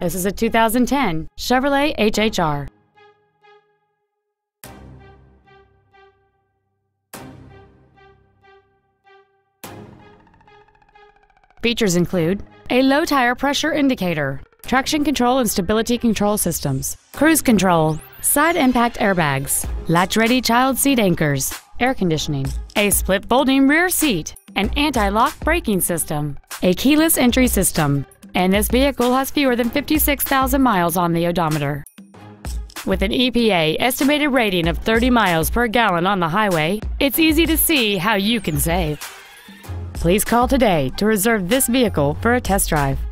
This is a 2010 Chevrolet HHR. Features include a low tire pressure indicator, traction control and stability control systems, cruise control, side impact airbags, latch-ready child seat anchors, air conditioning, a split folding rear seat, an anti-lock braking system, a keyless entry system, and this vehicle has fewer than 56,000 miles on the odometer. With an EPA estimated rating of 30 miles per gallon on the highway, it's easy to see how you can save. Please call today to reserve this vehicle for a test drive.